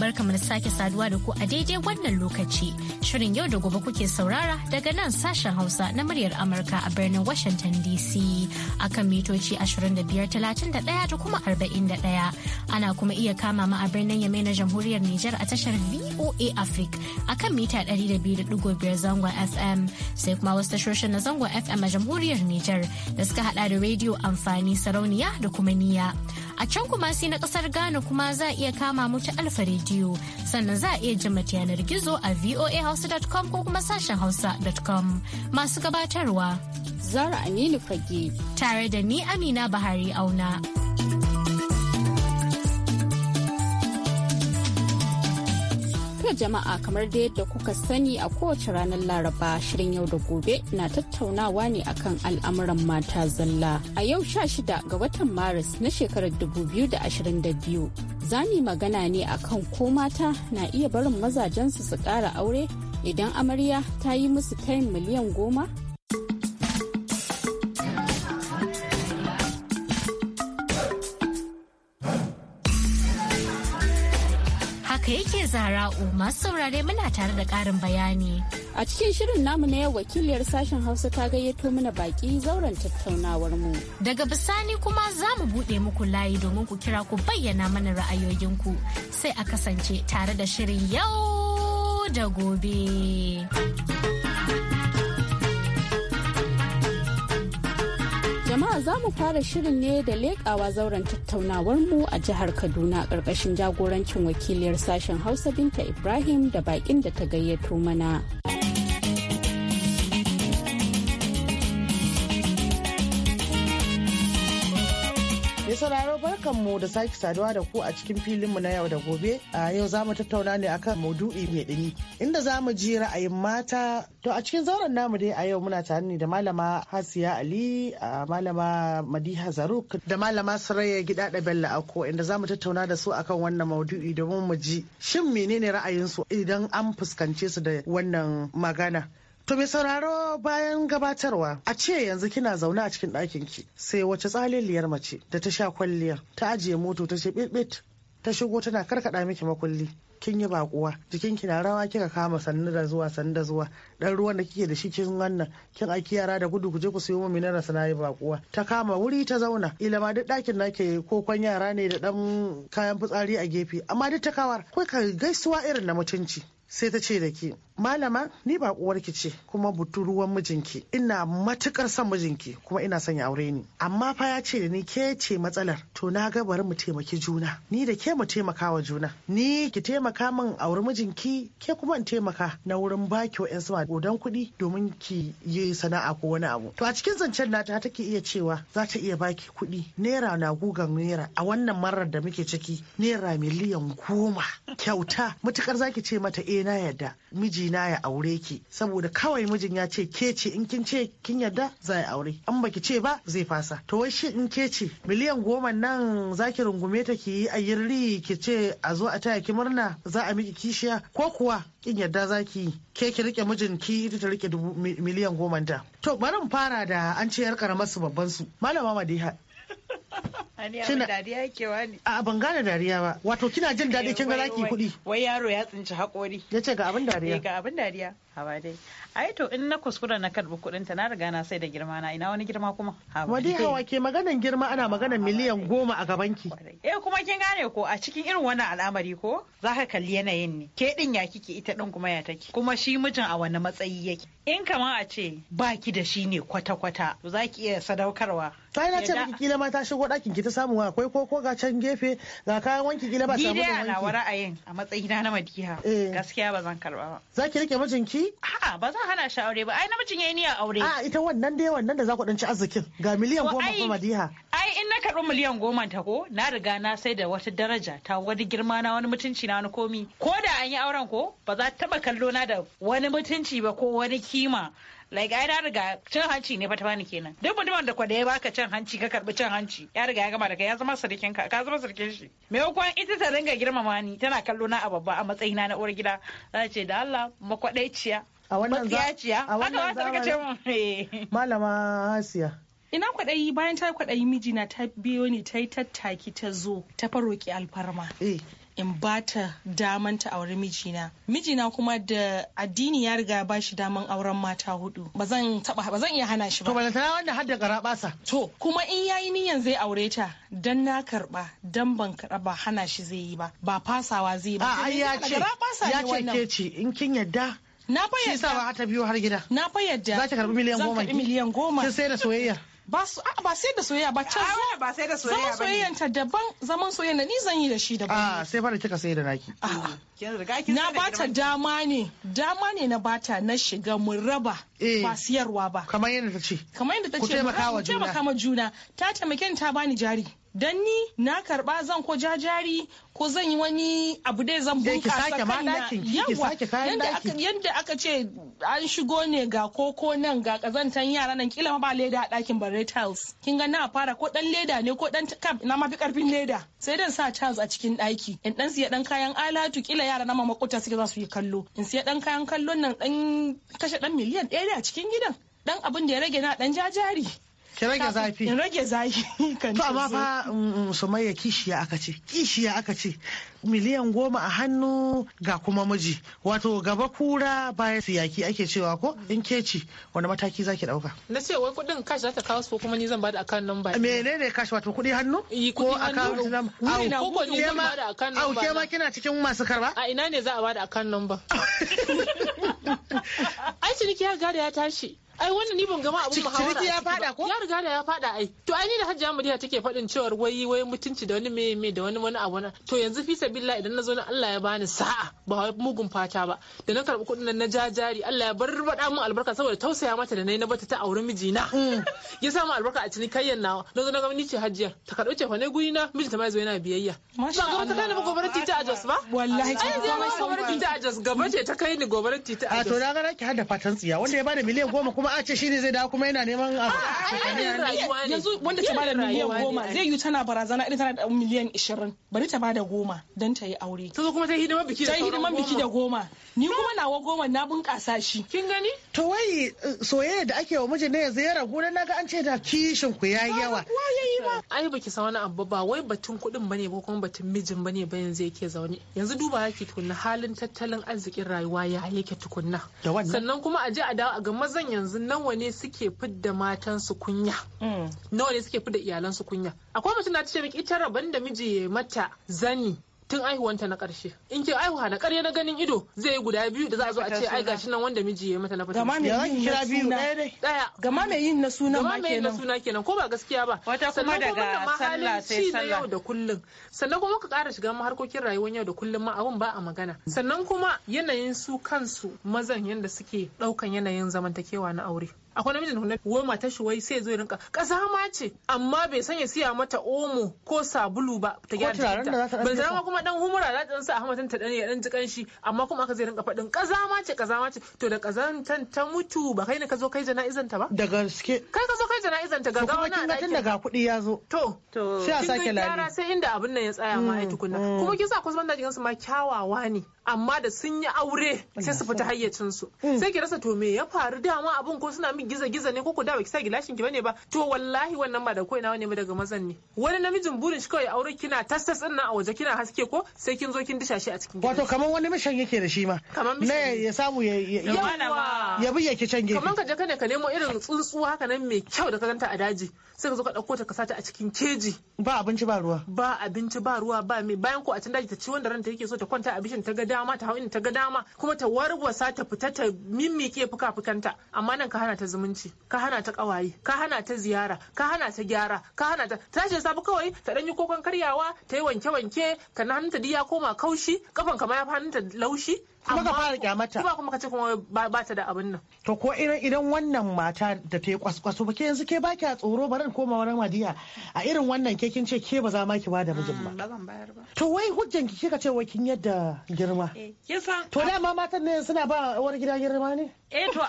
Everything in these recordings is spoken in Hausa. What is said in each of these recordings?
barkamu da sake saduwa da ku a daidai wannan lokaci. Shirin yau da gobe kuke saurara daga nan sashen Hausa na muryar Amurka a birnin Washington DC akan mitoci 2531 da kuma 41. Ana kuma iya kama mu a birnin Yamai na Jamhuriyar Nijar a tashar VOA Africa akan mita 200.5 zangon FM sai kuma wasu tashoshin na zangon FM a Jamhuriyar Nijar da suka hada da rediyo amfani sarauniya da kuma niya. A can kuma sai na kasar Ghana kuma za a iya kama mu ta Alfa rediyo Sannan za a iya jima yanar gizo a voahausa.com ko kuma sashen hausa.com. Masu gabatarwa. Zara Aminu Fage. Tare da ni Amina Bahari Auna. lafiyar jama'a kamar da yadda kuka sani a kowace ranar Laraba shirin yau da gobe na tattaunawa ne akan al'amuran mata zalla. A yau sha shida ga watan Maris na shekarar da ashirin 2022 za zani magana ne akan ko mata na iya barin mazajensu su kara aure idan amarya ta yi musu kai miliyan goma? Zara'u masu saurare muna tare da ƙarin bayani. A cikin shirin namu na yau wakiliyar sashen Hausa ta gayyato mana baki zauren tattaunawar mu. Daga bisani kuma za mu buɗe muku layi domin ku kira ku bayyana mana ra'ayoyinku sai a kasance tare da shirin yau da gobe. za mu fara shirin ne da leƙawa zauren tattaunawar mu a jihar Kaduna ƙarƙashin jagorancin wakiliyar sashen Hausa Binta Ibrahim da baƙin da ta gayyato mana. Mai sauraro barkanmu da sake saduwa da ku a cikin filinmu na yau da gobe. A yau za mu tattauna ne akan maudu'i mai dumi inda za mu ji ra'ayin mata. To a cikin zauren namu dai a yau muna tare ne da malama Hasiya Ali, a malama Madiha Zaruk da malama gida da Bello Ako inda za mu tattauna da su akan wannan maudu'i domin mu ji shin menene su idan an fuskance su da wannan magana. To mai sauraro bayan gabatarwa a ce yanzu kina zaune a cikin ɗakin ki sai wace tsaliliyar mace da ta sha kwalliyar ta ajiye moto ta ce bit ta shigo tana karkaɗa miki makulli kin yi bakuwa jikin ki na rawa kika kama sannu da zuwa sannu da zuwa dan ruwan da kike da shi kin wannan kin aiki yara da gudu kuje ku siyo mamina minara na yi bakuwa ta kama wuri ta zauna ila ma duk dakin nake kokon yara ne da dan kayan fitsari a gefe amma duk ta kawar kai ka gaisuwa irin na mutunci sai ta ce da ke malama ni ba ki ce kuma buturuwan mijinki ina matukar son mijinki kuma ina son ya aure ni amma fa ya ce da ni ke ce matsalar to na ga bari mu taimaki juna ni da ke mu taimaka wa juna ni ki taimaka min aure mijinki ke kuma in taimaka na wurin baki wa 'yan sama godan kuɗi domin ki yi sana'a ko wani abu to a cikin zancen nata take iya cewa za ta iya baki kuɗi naira na gugan naira a wannan marar da muke ciki naira miliyan goma kyauta matukar zaki ce mata eh na yarda miji mijina ya aure ki saboda kawai mijin ya ce ke ce in kin ce kin yadda za ya aure an baki ce ba zai fasa to wai shi in ke ce miliyan goma nan za ki rungume ta ki yi a yirri ki ce a zo a taya ki murna za a miki kishiya ko kuwa kin yadda ki ke ki rike mijin ki ita ta rike miliyan goma ta to bari fara da an ce yar karamar su babban su malama madiha Ani abin dariya yake wani. A ban gane dariya ba. Wato kina jin daɗi eh, kin ga laki kuɗi. Wai yaro ya tsinci haƙori. Ya ce ga abin dariya. Eh, ga abin dariya. Haba dai. ai to in na kuskura na karbi kuɗin ta na riga na sai da girma na ina wani girma kuma wadi hawa ke maganan girma ana maganan miliyan goma a gaban ki eh kuma kin gane ko a cikin irin wannan al'amari ko zaka kalli yanayin ne ke din ya kike ita din kuma ya take kuma shi mijin a wani matsayi yake in kamar a ce baki da shi ne kwata-kwata to za ki iya sadaukarwa sai na ce miki kila ma ta shigo ɗakin ki ta samu akwai ko ko ga can gefe ga kayan wanki kila ba ta samu wanki. Ni wa ra'ayin a matsayina na madiha eh. gaskiya ba zan karba ba. Za ki rike mijinki? A'a ba za hana shi aure ba ai namijin yayi niyyar aure a ita wannan dai wannan da za ku dan ci arzikin ga miliyan goma ko madiha ai in na karbi miliyan goma ta ko na riga na sai da wata daraja ta wani girma na wani mutunci na wani komi ko da an yi auren ko ba za ta taba kallo na da wani mutunci ba ko wani kima like ai na riga cin hanci ne fa ta bani kenan duk mutumin da kwada ya baka cin hanci ka karbi cin hanci ya riga ya gama da kai ya zama sarkin ka ka zama sarkin shi Me maimakon ita ta dinga girmama ni tana kallo na a babba a matsayina na uwar gida za ce da Allah makwadaiciya. a wannan zamani eh. malama hasiya ina kwaɗayi bayan ta kwaɗayi mijina ta biyo ni ta yi tattaki ta zo ta faroki alfarma eh. in ba ta daman ta auri mijina mijina kuma da addini ya riga ba shi daman auren mata hudu ba zan iya hana shi ba to ta wanda hadda basa. to kuma in yayi niyan zai aure ta dan na karba dan ban karba hana shi zai yi ba ba fasawa zai ba ya ce ya ce ke ce in kin yadda na fa yadda shi sa ta biyo har gida na fa yadda za ta karbi miliyan goma ki miliyan goma kin sai da soyayya ba sai da soyayya ba can ba sai da soyayya ba zaman soyayyan ta daban zaman soyayyan da ni zan yi da shi daban aa ah, sai fara kika sai da naki ah. Ah, na ba ta dama ne dama ne na bata na shiga mun raba eh. ba siyarwa ba kamar yadda ta ce kamar yadda ta ce Ku taimaka ma juna ta taimake ni ta bani jari dan ni na karba zan ko jajari ko zan yi wani abu dai zan bunkasa kaina yawa yadda aka ce an shigo ne ga koko nan ga kazantan yara nan kila ma ba leda a dakin bare tiles kin ga na fara ko dan leda ne ko dan kab na mafi karfin leda sai dan sa tiles a cikin daki in dan siya dan kayan alatu kila yara na makuta suke za su yi kallo in siya dan kayan kallon nan dan kashe dan miliyan 1 a cikin gidan dan abin da ya rage na dan jajari ki rage zafi in rage zafi kan to amma fa mm, mm, sumayya kishiya aka ce kishiya aka ce miliyan goma a hannu ga kuma miji wato gaba kura baya siyaki ake cewa ko in ke ci wani mataki zaki dauka na ce wai kudin cash za ta kawo su kuma ni zan bada akan number menene cash wato kudi hannu ko account number au ko ni zan bada akan number au ke ma kina cikin masu karba a ina ne za a bada akan number ai ciniki ya da ya tashi ai wannan ni ban gama abun muhawara ciki ya fada ko ya riga da ya fada ai to ai ni da hajjia madiha take faɗin cewar wai wai mutunci da wani meye me da wani wani abu na to yanzu fi sabilla idan na zo na Allah ya bani sa'a ba wai mugun fata ba da na karɓi kudin nan na jajari Allah ya barbada mun albarka saboda tausaya mata da nayi na bata ta auri mijina hmm. ya sa mu albarka a cikin kayan nawa na zo na ga ni ce hajjia ta ce fa ne guyi na mijinta ma ya zo yana biyayya ba ga ta kana ba gobarar tita a Jos ba wallahi ce gobarar tita a Jos gaba ce ta kai ni gobarar titi a Jos a to na ga ki hada fatan tsiya wanda ya bada miliyan goma kuma kuma a ce shi ne zai dawo kuma yana neman abu ah, yanzu wanda ta bada miliyan goma zai yi tana barazana idan tana da miliyan ishirin bari ta bada goma don ta yi aure ta zo kuma ta hidiman biki da hidiman biki da goma ni kuma nawa goma na bunƙasa shi kin gani to wai eh, soyayya da ake wa mijin ne yanzu ya ragu na ga an ce da kishin ku yayi yawa ai baki san wani abu ba wai batun kuɗin bane ko kuma batun mijin bane ba yanzu yake zaune yanzu duba yake tukunna halin tattalin arzikin rayuwa ya yake tukunna sannan kuma a je a dawo a ga mazan yanzu yanzu nawa ne suke fidda matansu kunya mm. nawa ne suke fidda iyalansu kunya akwai mutum na ce miki ita rabon da miji ya mata zani tun aihuwanta na karshe in ke aihuwa na karya na ganin ido zai yi guda biyu da za a zo a ce ai gashi nan wanda miji ya mata na fata gama mai yin na suna gama mai yin na suna kenan ko ba gaskiya ba wata kuma daga sallah sai sallah yau da kullun sannan kuma ka kara shiga harkokin rayuwar yau da kullun ma abun ba a magana sannan kuma yanayin su kansu mazan yanda suke ɗaukan yanayin zamantakewa na aure akwai namijin da wai matar shi wai sai zo ya rinka ma ce amma bai sanya siya mata omo ko sabulu ba ta gyara jikinta ban ma kuma dan humura za ta dan sa a hamatan ta dan ya dan ji kanshi amma kuma aka zai rinka faɗin ma ce ma ce to da ƙazantan ta mutu ba kai ne ka zo kai jana'izan ta ba da gaske kai ka zo kai jana'izan ta gaggawa na da tun daga kuɗi ya zo to sai a sake lari sai inda abin nan ya tsaya ma ai mm, tukunna mm. kuma kin sa kusa banda da su ma kyawawa ne amma da sun yi aure sai su fita hayyacin su hmm. sai ki rasa to me ya faru dama abun ko suna min giza giza ne ko ku da ki sa gilashin ki bane ba to wallahi wannan ba da ko ina ne daga mazan ne wani namijin burin shi kawai aure kina tastas din nan a waje kina haske ko sai kin zo kin dishashi shi a cikin wato kaman wani mishan yake da shi ma ne ya samu ya ya bi yake can gefe kaman ka je kana ka nemo irin tsuntsuwa haka nan mai kyau da ka ganta a daji sai ka zo ka dauko ta ka sata a cikin keji ba abinci ba ruwa ba abinci ba ruwa ba me bayan ko a can daji ta ci wanda ranta yake so ta kwanta a bishin ta ga dama ta hau ta ga dama kuma ta warwasa ta fita ta mimmike fuka-fukanta amma nan ka hana ta zumunci ka hana ta kawaye ka hana ta ziyara ka hana ta gyara ka hana ta tashi sabu kawai ta dan yi kokon karyawa ta yi wanke-wanke ka na hannunta duk ya koma kaushi kafan ka ya fi hannunta laushi kuma ka fara kyamata kuma kuma ka ce kuma ba ta da abin nan to ko irin idan wannan mata da ta yi kwaskwaso ba ke yanzu ke ba a tsoro barin koma wani madiya a irin wannan ke kin ce ke ba za ma ki ba da mijin ba mm, to wai hujjan ki kika ce wai kin yadda girma eh, to dama matan ne suna ba uwar gida girma ne eh to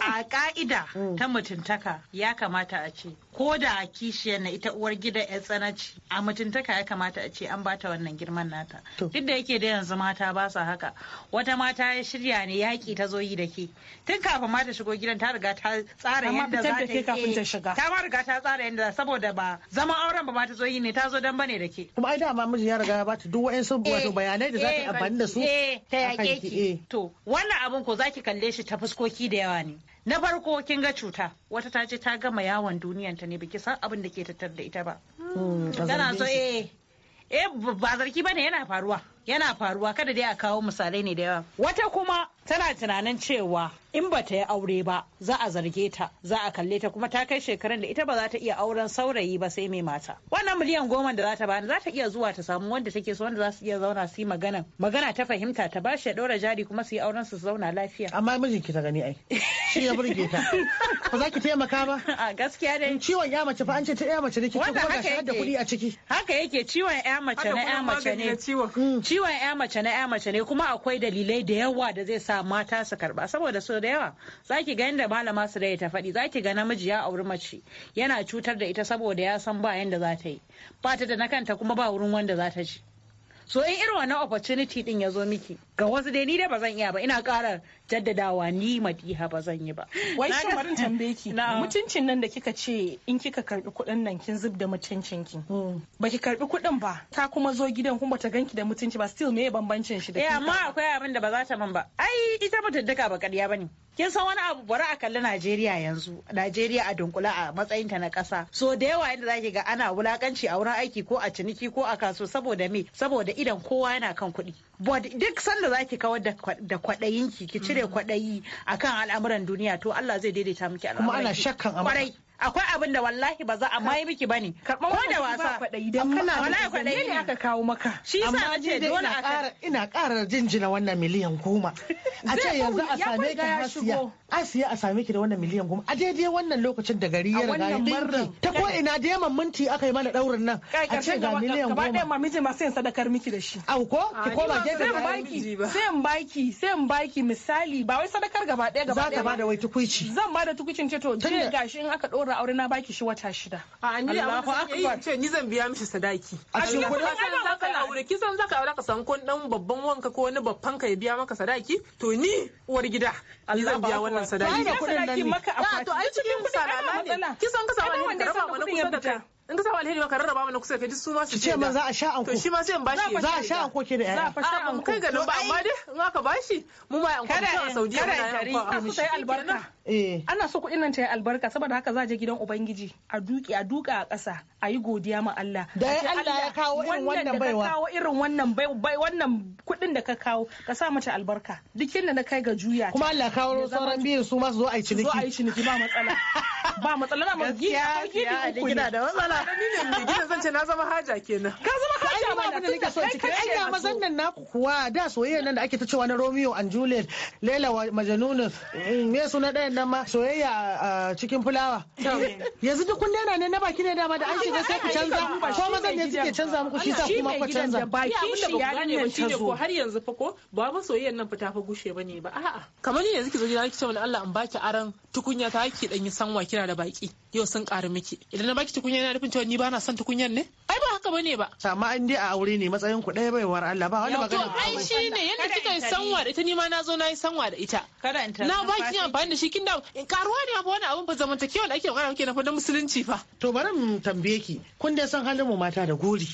a ka'ida mm. ta mutuntaka ya kamata a ce ko da kishiyar na ita uwar gida ya tsanaci a mutuntaka ya kamata a ce an bata wannan girman nata duk da yake da yanzu mata ba sa haka na mata ya shirya ne yaƙi ta zo yi da ke tun kafin ma ta shigo gidan ta riga ta tsara yadda za ta yi kafin ta shiga ta ma riga ta tsara yadda saboda ba zama auren ba ma ta zo yi ne ta zo dan bane da ke kuma ai dama miji ya riga ya bata duk wa'ansu wato eh, bayanai da za ta eh, amfani da su eh, ta yaƙe ki to wannan abun ko zaki kalle shi ta fuskoki da yawa ne na farko kin ga cuta wata ta ce ta gama yawon duniyan ta ne biki san abin da ke tattar da ita ba hmm, tana so eh eh ba zarki bane yana faruwa yana faruwa kada dai a kawo misalai ne da yawa wata kuma tana tunanin cewa in ba ta yi aure ba za a zarge ta za a kalle ta kuma ta kai shekarun da ita ba za ta iya auren saurayi ba sai mai mata wannan miliyan goma da za ta bani za ta iya zuwa ta samu wanda take so wanda za su iya zauna su yi magana magana ta fahimta ta bashi ya ɗora jari kuma su yi auren su zauna lafiya amma mijin ki ta gani ai shi ya burge ta ba za ki taimaka ba a gaskiya dai ciwon ya mace fa an ce ta ya mace ne kike kuma ga da kuɗi a ciki haka yake ciwon ya mace na ya mace ne mm. ciwon ya mace na ya mace ne kuma akwai dalilai da yawa da zai sa sa mata su karba saboda so da yawa zaki ga yanda malama su da ta faɗi zaki ga namiji ya auri mace yana cutar da ita saboda ya san ba yanda za ta yi ba ta da na kanta kuma ba wurin wanda za ta ji so in irin wannan opportunity din ya zo miki ga wasu dai ni dai ba zan iya ba ina ƙara jaddadawa ni madiha ba zan yi ba wai shi bari tambaye ki mutuncin nan da kika ce in kika karbi kuɗin nan kin zub da mutuncin ki hmm. baki karbi kuɗin ba ta kuma zo gidan kuma ta ganki da mutunci ba still me bambancin shi da eh, kika eh amma akwai abin da ba za ta man ba ai ita ba daddaka ba ƙarya bane kin san wani abu bari a kalli Najeriya yanzu Najeriya a dunkula a matsayin ta na kasa. so da yawa yadda zaki ga ana wulakanci a wurin aiki ko a ciniki ko a kaso saboda me saboda idan kowa yana kan kuɗi duk sanda zaki kawar da kwaɗayinki ki cire mm-hmm. kwaɗayi akan al'amuran duniya to Allah zai daidaita miki al'amuran kuma ana shakkan kwarai akwai abin da wallahi ba za a mai miki bane karban ko da wasa wallahi kwaɗayi ne aka kawo maka shi yasa nace dole a ina ƙara jinjina wannan miliyan goma a ce yanzu a same ki hasiya asiya a same ki da wannan miliyan goma a daidai wannan lokacin da gari ya riga ya ta ko ina da yaman minti aka yi mana daurin nan a ce ga miliyan goma gaba ɗaya miji ma sai sadakar miki da shi au ko ki koma gefe ba sai in baki sai in baki misali ba wai sadakar gaba ɗaya gaba ɗaya za ka bada wai tukuici zan bada tukuicin ce to je gashi in aka ɗora ɗaura aure na baki shi wata shida. A ni Allahu yi Ce ni zan biya mishi sadaki. A cikin kuɗin ka zaka aure ki san zaka aure ka san kun dan babban wanka ko wani babban ka ya biya maka sadaki to ni uwar gida. Allah zan biya wannan sadaki. Ba da kuɗin To ai cikin kuɗin ana Ki san ka sa wani kusa da ta. in ka samu alheri ba ka rarraba mana kusa ka ji su ma su ce ma za a sha anko to shi ma sai in bashi za a sha anko ke da yaya za a sha anko kai ga nan ba amma dai in aka bashi mu ma anko ta a Saudiya muna yi anko sai albarka ta yi albarka ana so kuɗin nan ta yi albarka saboda haka za je gidan ubangiji a duki a duka a ƙasa a yi godiya ma Allah da Allah ya kawo irin wannan baiwa kawo irin wannan bai wannan kuɗin da ka kawo ka sa mata albarka duk inda na kai ga juya kuma Allah kawo sauran biyu su ma su zo a yi ciniki zo a yi ciniki ba matsala ba matsala na magi a gidi uku ne da matsala ni ne zan ce na zama haja kenan ka zama haja ba abin da nake so ciki ai ga mazan nan naku kuwa da soyayya nan da ake ta cewa na Romeo and Juliet wa Majnun mm, me suna dayan nan ma soyayya cikin fulawa yanzu duk kun na ne na baki ne dama da an shiga sai ku canza ko mazan ne suke canza muku shi sa kuma ku canza baki shi ya ne shi ko har yanzu fa ko ba ba soyayyan nan fita fa gushe bane ba a'a kamar yanzu ki zo gida ki ce Allah an baki aran tukunya ta ki dan yi sanwa kina da baki yau sun ƙaru miki idan na baki tukunya na nufin cewa ni ba na son tukunyar ne ai ba haka bane ba amma in dai a aure ne matsayin ku ɗaya bai war Allah ba wani ba gani ai shine yanda kika yi sanwa da ita ni ma na zo na yi sanwa da ita na ba ki amfani da shi kin da karuwa ne ba wani abun ba zamantakewa da ake magana kake na fa na musulunci fa to bari mu tambaye ki kun dai san halin mu mata da gori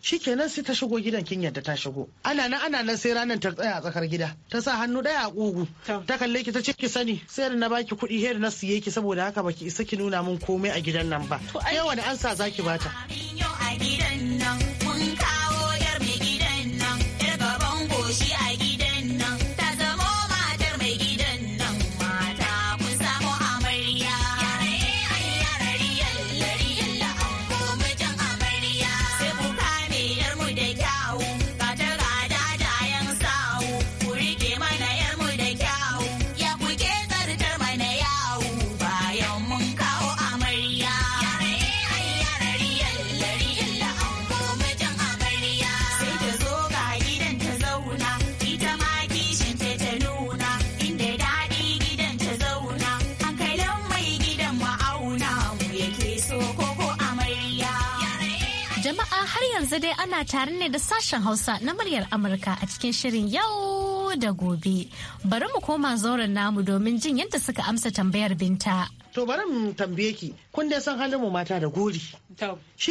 shikenan sai ta shigo gidan kin yadda ta shigo ana nan ana nan sai ranar ta tsaya a tsakar gida ta sa hannu daya a kugu ta kalle ki ta ce ki sani sai na baki kuɗi sai na siye ki saboda haka baki isa ki nuna samun komai a gidan nan ba ke wani ansa zaki bata yau a gidan nan mun kawo yar mai gidan nan yar gaban goshi a yanzu dai ana tare ne da sashen Hausa na muryar Amurka a cikin shirin yau da gobe. Bari mu koma zauren namu domin jin yadda suka amsa tambayar binta. To bari mu tambaye ki, kun dai san halin mu mata da gori.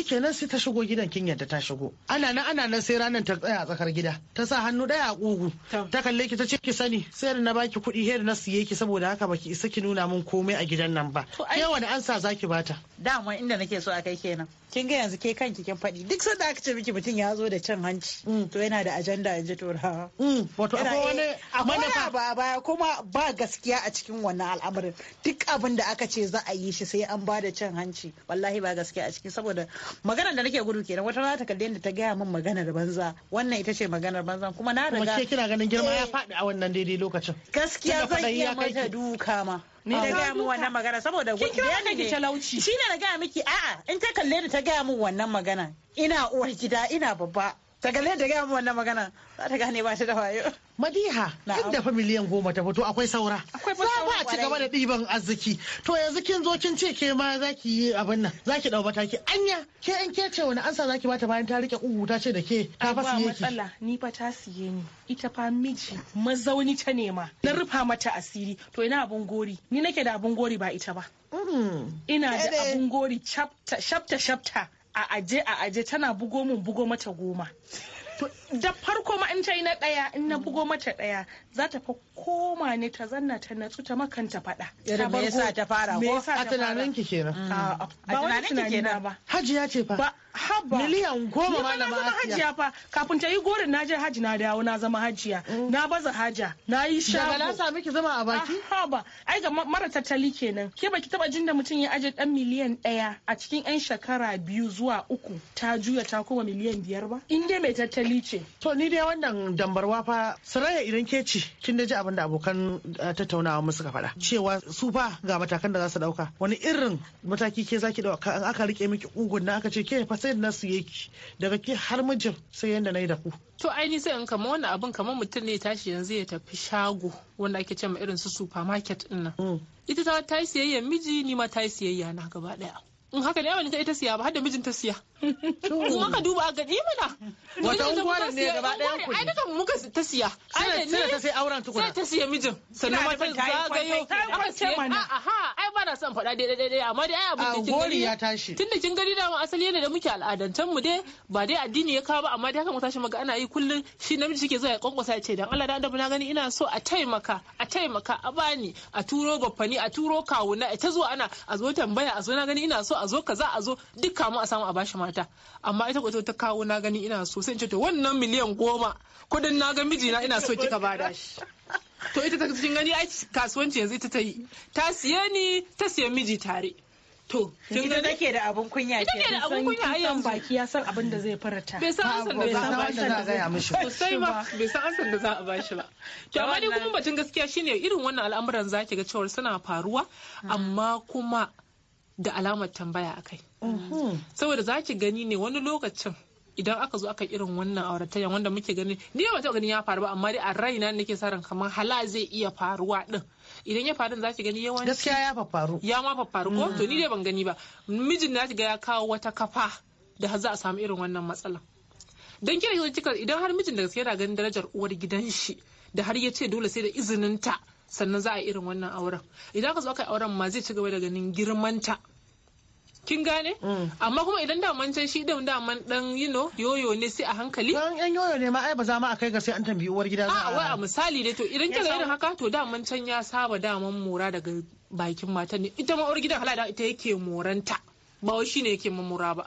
kenan sai ta shigo gidan kin yadda ta shigo. Ana nan ana nan sai ranar ta tsaya a tsakar gida. Ta sa hannu daya a kugu. Ta kalle ki ta ce ki sani, sai na baki kuɗi sai na siye ki saboda haka baki isa ki nuna mun komai a gidan nan ba. Yawan ansa zaki bata. Dama inda nake so a kai kenan. kin ga yanzu ke kanki kin faɗi duk sanda aka ce miki mutum ya zo da cin hanci mm. to yana da ajanda in ji turawa mm. wato akwai wani manufa ba baya kuma ba gaskiya a cikin wannan al'amarin duk abin da aka ce za a yi shi sai an ba da cin hanci wallahi ba gaskiya a ciki saboda maganar da nake gudu kenan wata rana ta kalle ta gaya min maganar banza wannan ita ce maganar banza kuma na riga kuma kina ganin girma ya eh. faɗi a wannan daidai lokacin gaskiya zan iya mata duka ma ni da gaya mu wannan magana saboda kin kira kanki talauci shine na gaya miki a'a in ta kalle ni ta gaya mu wannan magana ina uwar gida ina babba ta da ta gaya wannan magana za ta gane ba ta da wayo. Madiha inda fa miliyan goma ta fito akwai saura. Akwai ba a ci gaba da ɗiban arziki. To yanzu kin zo kin ce ke ma za ki yi abin nan za ki ɗau mataki anya ke in ke ce wani ansa za ki bata bayan ta rike ƙugu ta ce da ke ta fa siye ki. matsala ni fa ta siye ni ita fa miji mazauni ta nema na rufa mata asiri to ina abun gori ni nake da abun gori ba ita ba. Mm. Ina da abun gori shafta shafta. a aje a aje tana bugo min bugo mata goma da farko ma in ta yi na ɗaya in na bugo mata ɗaya za ta fa koma ne ta zanna ta natsu ta makanta faɗa. Yadda me yasa ta fara ko a tunanin ki kenan. Mm. Ah, a tunanin ki kenan ba. Hajiya ce fa. Ba haba. Miliyan goma ma na zama hajiya fa kafin ta yi gorin na je haji na dawo na zama hajiya. Mm. Na baza haja na yi shago. Daga na sami ki zama a baki. Ah, haba ai ga mara tattali kenan. Ke baki taba jin da mutum ya aje dan miliyan ɗaya a cikin yan shekara biyu zuwa uku ta juya ta koma miliyan biyar ba. In dai mai tattali ce. To ni dai wannan dambarwa fa Sarai idan ke ci Tun kin da ji abin da abokan eh, tattaunawa mu suka faɗa cewa su fa ga matakan da za su ɗauka wani irin mataki ke zaki ɗauka an aka rike miki ugun na aka ce ke fa sai na su yake daga ke har mijin sai yadda na yi da ku. to aini sai in kama wani abin kamar mutum ne tashi yanzu ya tafi shago wanda ake ce ma irin su supermarket ɗin nan. Mm. ita ta yi siyayya miji ni ma ta yi siyayya na gaba ɗaya. in haka ne ta ita siya ba har da mijin ta siya kuma ka duba ga ni eh, mana wata ungwaran ne gaba daya ku ai duka muka ta siya ai ne ta sai auren tukuna sai ta siya mijin sannan ma ta zagayo aka ce mana aha ai ba na son faɗa daidai daidai amma dai ai abin da kin gari ya tashi tunda kin gari da mu asali yana da muke al'adantan mu dai ba dai addini ya kawo ba amma dai haka mu tashi maga ana yi kullun shi namiji shike zuwa ya kwankwasa ya ce dan Allah da annabi na gani ina so a taimaka a taimaka a bani a turo baffani a turo kawuna ta zo ana a zo tambaya a zo na gani ina so a zo za a zo duk kamu a samu a bashi mata amma ita kwato ta kawo na gani ina so sai in ce to wannan miliyan goma kudin na ga mijina ina so kika bada shi to ita ta cikin gani ai kasuwanci yanzu ita ta yi ta siye ni ta siye miji tare To, kin ga nake da abun kunya ke. Nake da abun kunya a baki ya san abin da zai farata. Bai san san da za a bashi ba. Bai san Sosai bai san san da za a bashi ba. To, amma dai kuma batun gaskiya shine irin wannan al'amuran zaki ga cewar suna faruwa, amma kuma da alamar tambaya a kai mm-hmm. saboda za ki gani ne wani lokacin idan aka zo aka irin wannan auratayya wanda muke gani ni ba taɓa ganin ya faru ba amma dai a raina nake sa ran kamar hala zai iya faruwa din idan ya faru za ki gani yawanci gaskiya ya faru ya ma faru ko mm-hmm. to ni dai ban gani ba mijin na ga ya kawo wata kafa da za a samu irin wannan matsala. dan kira kika idan har mijin da gaskiya na ganin darajar uwar gidan shi da har ya ce dole sai da izinin ta sannan za a irin wannan auren idan ka zo aka auren ma zai ci gaba da ganin girmanta kin gane mm. amma kuma idan daman can shi din daman dan yino yoyo ne sai a hankali dan yan yoyo ne ma ai ba za ma a kai ga sai an tambayi uwar gida a wai a misali ne to idan kika irin haka to daman can ya saba daman mura daga bakin matan ne ita ma uwar gidan halada ita yake moranta ba wai shine yake mamura ba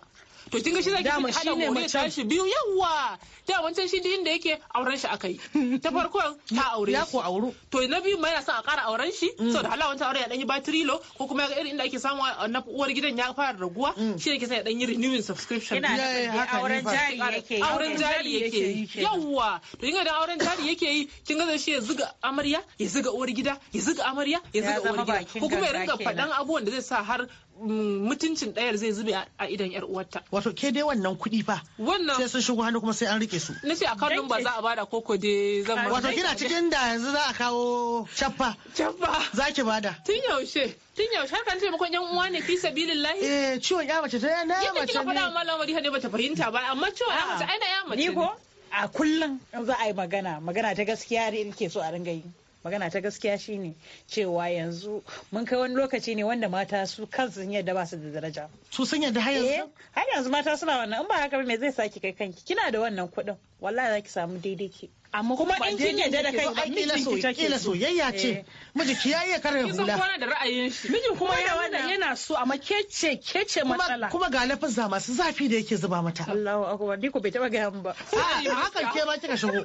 to kin ga shi zaki dama shi ne mace tashi biyu yawa da wancan shi da yake auren shi akai ta farko ta aure ya ko auru to na biyu ma yana son a ƙara auren shi mm. saboda hala wancan auren ya dan yi batrilo ko kuma ga irin inda ake samu na uwar gidan ya fara raguwa mm. shi ne ke sai ya dan yi renewing subscription auren jari yake auren jari yake yawa to kin ga dan auren jari yake yi kin ga shi ya zuga amarya ya zuga uwar gida ya zuga amarya ya zuga uwar gida ko kuma ya rinka faɗan abubuwan da zai sa har mutuncin ɗayar zai zube a idan yar uwarta. Wato ke dai wannan kuɗi fa. Wannan. Sai sun shigo hannu kuma sai an rike su. Na ce akawun nan ba za a bada koko dai zan Wato kina cikin da yanzu za a kawo cappa. Cappa. Za ki bada. Tun yaushe. tun yaushe har kan taimakon yan uwa ne fi sabilillahi eh ciwon ya mace ta eh, ya mace ne yadda kika faɗa amma lamari ne bata fahimta ba amma ciwon ya mace ai na ya mace ne ko a kullum za a yi magana magana ta gaskiya ne ke so a ringa yi magana ta gaskiya shine cewa yanzu mun kai wani lokaci ne wanda mata su kansu sun yadda ba su da daraja su sun yadda har yanzu eh, har yanzu mata suna wannan in ba haka ba me zai saki kai kanki kina da wannan kuɗin wallahi za ki samu daidai ke. amma kuma in kin yarda da kai ba eh. mijin ki kila Yayya ce miji ki kar kare hula kuma da ra'ayin shi miji kuma ya wannan yana so amma kece kece matsala kuma ga za masu zafi da yake zuba mata Allahu akbar ni ko bai taba ga ba ah, a hakan ke ma kika shigo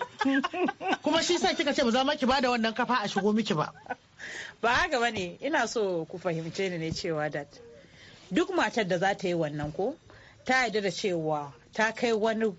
kuma shi sa kika ce ba za ma ki bada wannan kafa a shigo miki ba ba haka bane ina so ku fahimce ni ne cewa dat duk matar da za ta yi wannan ko ta yarda da cewa ta kai wani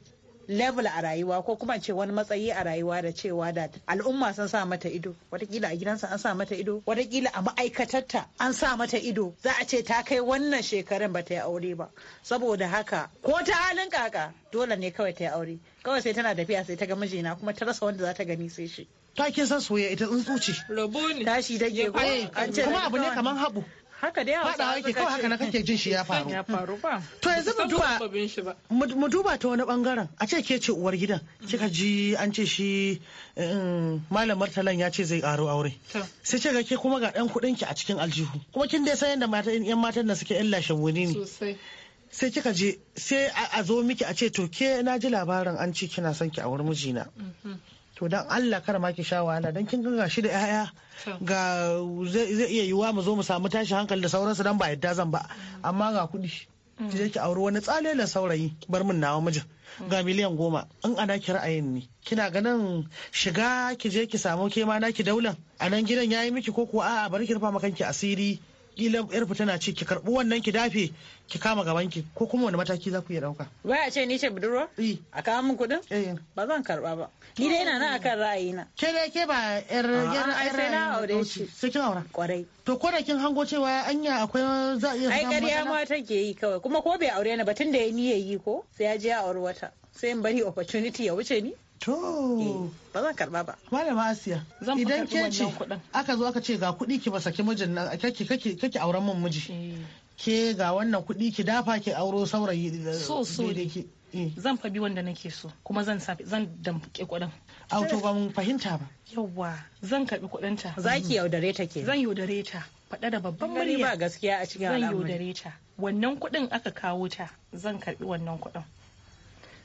level a rayuwa ko kuma ce wani matsayi a rayuwa da cewa da al'umma sun sa mata ido watakila a gidansa an sa mata ido watakila a ma'aikatarta an sa mata ido za a ce ta kai wannan shekarun ba ta yi aure ba saboda haka ko ta halin kaka dole ne kawai ta yi aure kawai sai tana tafiya sai ta ga mijina kuma ta rasa wanda za ta gani sai shi takin san soyayya ita tsuntsu ce. ne. Tashi eh, da ke kuma abu ne kamar habu. haka dai a hausa haka kawai haka na kake jin shi ya faru ya faru ba to yanzu mu duba mu duba ta wani bangaren a ce ke ce uwar gidan kika ji an ce shi um, malam martalan ya ce zai karo aure sai ce ga ke kuma ga dan kudin ki a cikin aljihu kuma kin dai san yadda matan yan matan da suke illa shawuni ne sosai sai kika je sai a zo miki a ce to ke na ji labarin an ce kina son ki a wurin mijina mm-hmm. to dan Allah kar ma ki sha wahala dan kin ga shi da yaya ga zai iya yiwa mu zo mu samu tashi hankali da sauransu dan ba yadda zan ba amma ga kuɗi ki je ki auri wani tsalelen saurayi bar min nawa mijin ga miliyan goma in ana ki ra'ayin ne kina ganin shiga ki je ki samu ke ma naki daulan a nan gidan yayi miki ko kuwa a'a bari ki rufa makanki asiri kila fita tana ce ki karbi wannan ki dafe ki kama gaban ki ko kuma wani mataki za ku iya dauka waya ce ni ce budurwa e. a kawo min kudin eh, eh. ba zan karba ba ni dai ina nan akan na ke dai ke ba yar yar ai sai na aure shi sai kin aura kwarai to ko da kin hango cewa anya akwai za iya ai ƙarya ma ke yi kawai kuma ko bai aure ni ba tunda ya ni yayi ko sai ya je ya aure wata sai in bari opportunity ya wuce ni To. Eh, ba zan karba ba. Malama Asiya. Idan ke ce aka zo aka ce ga kuɗi ki ba saki mijin nan kake kake kake auren mun miji. Eh. Ke ga wannan kuɗi ki dafa ki auro saurayi da eh, so so zan fabi wanda nake so kuma zan zan damke kuɗin. Auto ba mun fahimta ba. Yawwa zan karbi kuɗin ta. Zaki yaudare ta ke. Zan yaudare ta. Faɗa da babban murya. ba gaskiya a cikin al'amari. Zan yaudare ta. Wannan kuɗin aka kawo ta zan karbi wannan kuɗin.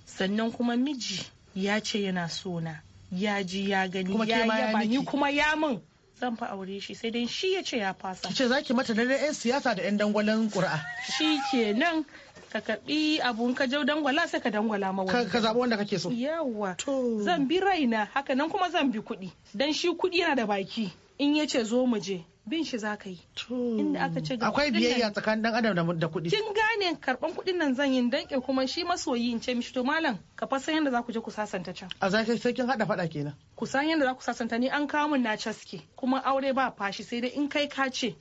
Sannan kuma miji ya ce yana sona ya ji ya gani ya yaba ni kuma ya min zan fa aure shi sai dai shi ya ce ya fasa ce zaki mata dare yan siyasa da yan dangwalen kur'a. shi kenan ka kaɓi abun ka jau dangwala sai ka dangwala ma wani ka zaɓi wanda kake so yawa zan bi raina haka nan kuma zan bi kuɗi dan shi kuɗi yana da baki in ya ce zo mu je bin shi za ka yi. Inda aka ce akwai biyayya tsakanin dan adam da kuɗi. Kin gane karban kuɗin nan zan yi danke kuma shi masoyi in ce mishi to malam ka fasan yadda za ku je ku sasanta can. A zaki sai kin haɗa faɗa kenan. Ku san yadda za ku sasanta ni an kawo min na caske kuma aure ba fashi sai dai in kai ka ce.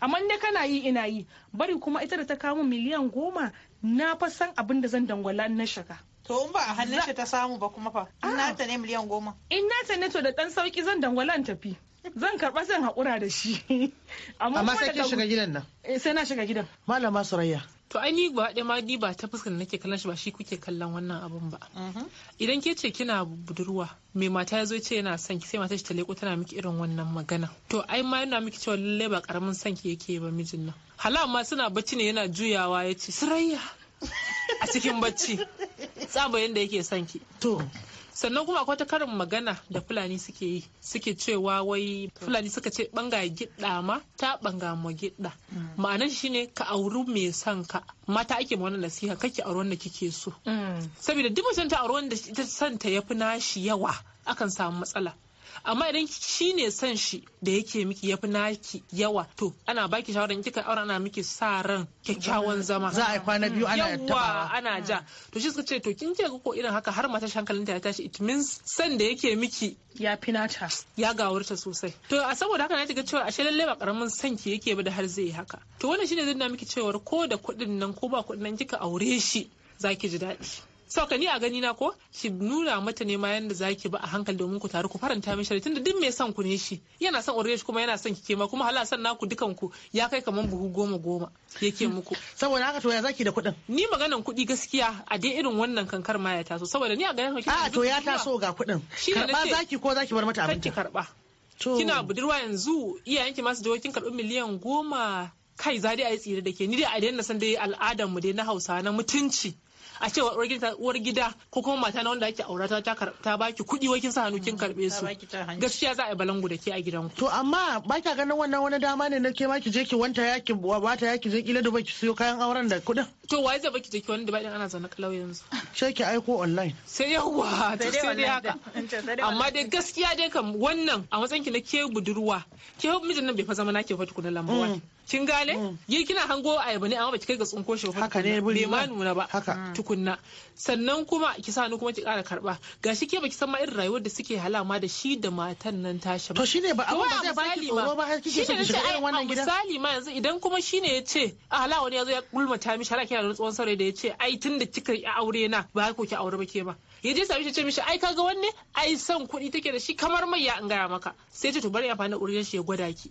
Amma ne kana yi ina yi bari kuma ita da ta kawo miliyan goma na fasan abin da zan dangwala na shiga. To in ba a hannun shi ta samu ba kuma fa. In ta ne miliyan goma. In ta ne to da ɗan sauki zan dangwala in tafi. zan karba zan haƙura da shi amma sai ke shiga gidan nan eh, sai na shiga gidan malama surayya to ai ni ba ma ni ba ta fuskar nake kallon shi ba shi kuke kallon wannan abun ba mhm. idan ke ce kina budurwa mai mata ya zo ce yana son ki sai mata shi ta leko tana miki irin wannan magana to ai ma yana miki cewa lalle ba karamin son ki yake ba mijin nan hala ma suna bacci ne yana juyawa ya ce surayya a cikin bacci tsaba yanda yake son ki to sannan kuma akwai ta karin magana da fulani suke yi suke cewa wai fulani suka ce banga gidda ma ta banga ma gidda ma'anar shi ne ka auri mai son ka mata ake ma wannan nasiha kake auri wanda kike so mm. saboda duk mutum ta auri wanda ita santa ta yafi nashi yawa akan samu matsala amma idan shi ne son shi da yake miki ya fi naki yawa to ana baki shawara in kika aure ana miki sa ran kyakkyawan zama za a yi kwana biyu ana yawa ana ja to shi suka ce to kin ce ko irin haka har mata hankalinta ya tashi it means son da yake miki ya fi nata ya gawarta sosai to a saboda haka na ji cewa ashe lalle ba karamin son ki yake ba da har zai yi haka to wannan shine zan da miki cewa ko da kuɗin nan ko ba kuɗin nan kika aure shi zaki ji daɗi sauka ni a gani na ko ki nuna mata ne ma yanda zaki ba a hankali domin ku taru ku faranta min rai tunda duk mai son ku ne shi yana son ure shi kuma yana son ki kema kuma hala san naku dukan ku ya kai kaman buhu goma goma yake muku saboda haka to ya zaki da kuɗin ni maganan kuɗi gaskiya a dai irin wannan kankar ma ya taso saboda ni a ganin a to ya taso ga kuɗin karba zaki ko zaki bar mata abinci. ki karba kina budurwa yanzu iyayenki masu dawo kin karbi miliyan goma kai za dai a yi tsire da ke ni dai a daina san dai al'adar mu dai na hausa na mutunci a ce cewa uwar gida ko kuma mata na wanda ake aurata ta baki kuɗi wai kin sa hannu kin karbe su gaskiya za a yi balangu da ke a gidan to amma ba ka ganin wannan wani dama ne na ke ma ki je ki wanta ya ki bata ya ki je kila da baki siyo kayan auren da kudin to wai zai baki je ki wani da baɗin ana zaune kalau yanzu sai ki aiko online sai yawa to sai dai haka amma dai gaskiya dai kam wannan a matsayin ki na ke budurwa ke mijin nan bai fa zama nake fa tukuna lambawa mm. kin gane yi mm. kina hango ayaba ne amma baki kai ga tsunko shi haka ne bai ma nuna ba haka mm. tukunna sannan kuma ki sa ni kuma ki kara karba gashi ke baki san ma irin rayuwar da suke halama da shi da matan nan tashi to shine ba abu ba zai baki tsoro ba har kike so ki shiga irin wannan gida misali ma yanzu idan kuma shine yace a hala wani yazo ya gulmata mishi har kina da tsohon sarai da yace ai tunda kika yi aure na ba ko ki aure ba ke ba ya je sami shi ce mishi ai kaga wanne ai san kuɗi take da shi kamar mai ya an gaya maka sai ce to bari ya fana uriyar shi ya gwada ki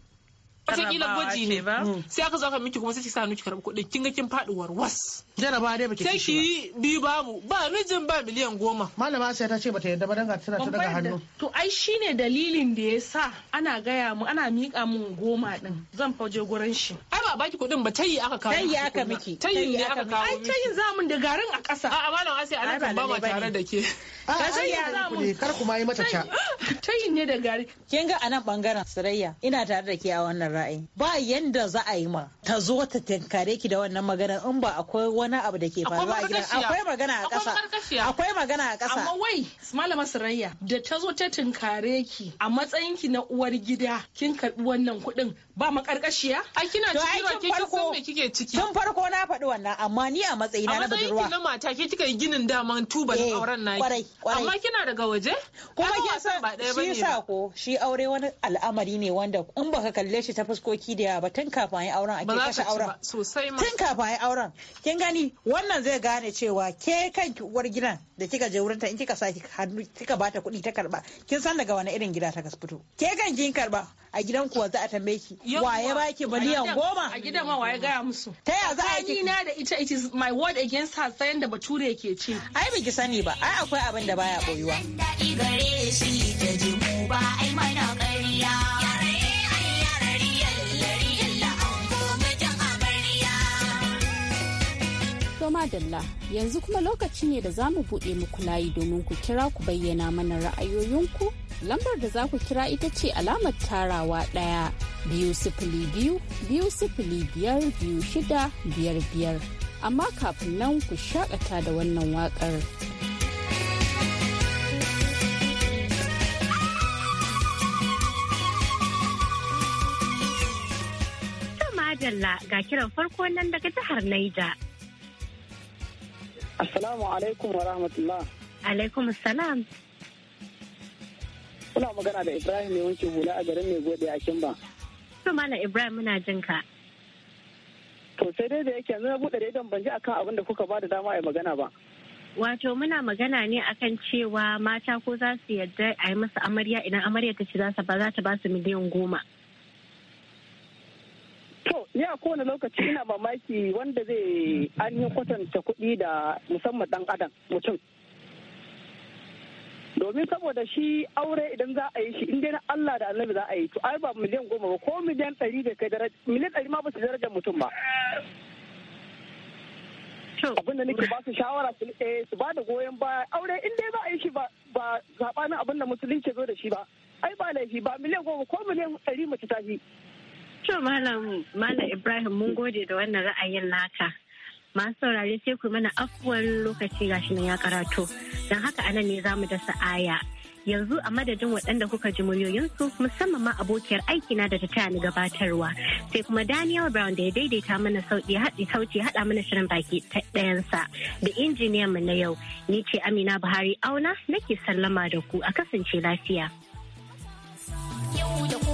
kila gwaji ne hmm. sai aka zaka miki kuma sai ki sa hannu ki karɓi kin ga kin faɗi warwas jaraba dai baki sai ki bi babu ba mijin ba miliyan goma malama sai ta ce bata yarda ba danga tana ta daga hannu to ai shine dalilin da ya sa ana gaya mu ana miƙa mun goma din zan fauje gurin shi ai ba baki kuɗin ba tayi aka kawo tayi aka miki tayi ne aka kawo ai tayi zamun da garin a ƙasa a'a malam sai an kan ba ma tare da ke kar kuma yi mata ca tayin ne da gari kin ga anan bangaren sarayya ina tare da ke a wannan ra'ayi ba yanda za a yi ma ta zo ta tankare ki da wannan magana in ba akwai wani abu da ke faruwa a gidan akwai magana a ƙasa akwai magana a ƙasa amma wai malama Sarayya da ta zo ta tankare ki a matsayin ki na uwar gida kin karbi wannan kuɗin ba makarkashiya ai kina cikin kin san me kike ciki tun farko na faɗi wannan amma ni a matsayina na budurwa a matsayin ki na mata ke kika yi ginin daman tubalin eh, auren naki amma kina daga waje kuma kin san ba bane shi sa ko shi aure wani al'amari ne wanda in baka kalle shi ta fuskoki da yawa ba tun kafin yi auren ake kashe auren sosai tun kafin yi auren kin gani wannan zai gane cewa ke kan uwar gidan da kika je wurin ta in kika saki hannu kika bata kuɗi ta karba kin san daga wani irin gida ta fito ke kan kin karba a gidan kuwa za a tambaye ki waye baki miliyan goma a gidan ma waye gaya musu ta ya za a yi na da ita it is my word against her sayan da bature ke ce ai biki sani ba ai akwai abin da baya boyuwa ba ai madalla yanzu kuma lokaci ne da za mu buɗe muku layi domin ku kira ku bayyana mana ra'ayoyinku lambar da za ku kira ita ce alamar tarawa ɗaya biyu sifili biyu biyu sifili biyar biyu shida biyar biyar amma kafin nan ku shakata da wannan waƙar. Madalla ga kiran farko nan daga jihar Naija. Assalamu alaikum wa rahmatullah. Alaikum salam. Kuna magana da Ibrahim mai wanke hula a garin mai gode a Kimba. To mana Ibrahim muna jin ka. To sai dai da yake yanzu na buɗe rediyon ban ji akan abin da kuka ba da dama a magana ba. Wato muna magana ne akan cewa mata ko za su yarda a yi musu amarya idan amarya ta ce za ba za ta ba su miliyan goma. ni a kowane lokaci ina mamaki wanda zai an yi kwatanta kuɗi da musamman ɗan adam mutum domin saboda shi aure idan za a yi shi inda na Allah da annabi za a yi to ai ba miliyan goma ba ko miliyan ɗari da kai daraja miliyan ɗari ma ba su darajar mutum ba abin da nake ba su shawara su eh, su ba da goyon baya aure in dai za a yi shi ba ba sabanin abin da musulunci zo da shi ba ai ba laifi ba miliyan goma ko miliyan ɗari mace ta fi To Malam Ibrahim mun gode da wannan ra'ayin naka. Masu saurare sai ku mana afuwar lokaci gashi nan ya karatu Don haka anan ne za mu dasa aya. Yanzu a madadin waɗanda kuka ji muryoyinsu musamman ma abokiyar aikina da ta taya ni gabatarwa. Sai kuma Daniel Brown da ya daidaita mana sauti haɗi haɗa mana shirin baki ta ɗayansa da injiniyan mu na yau. Ni ce Amina Buhari Auna nake sallama da ku a kasance lafiya. Yau da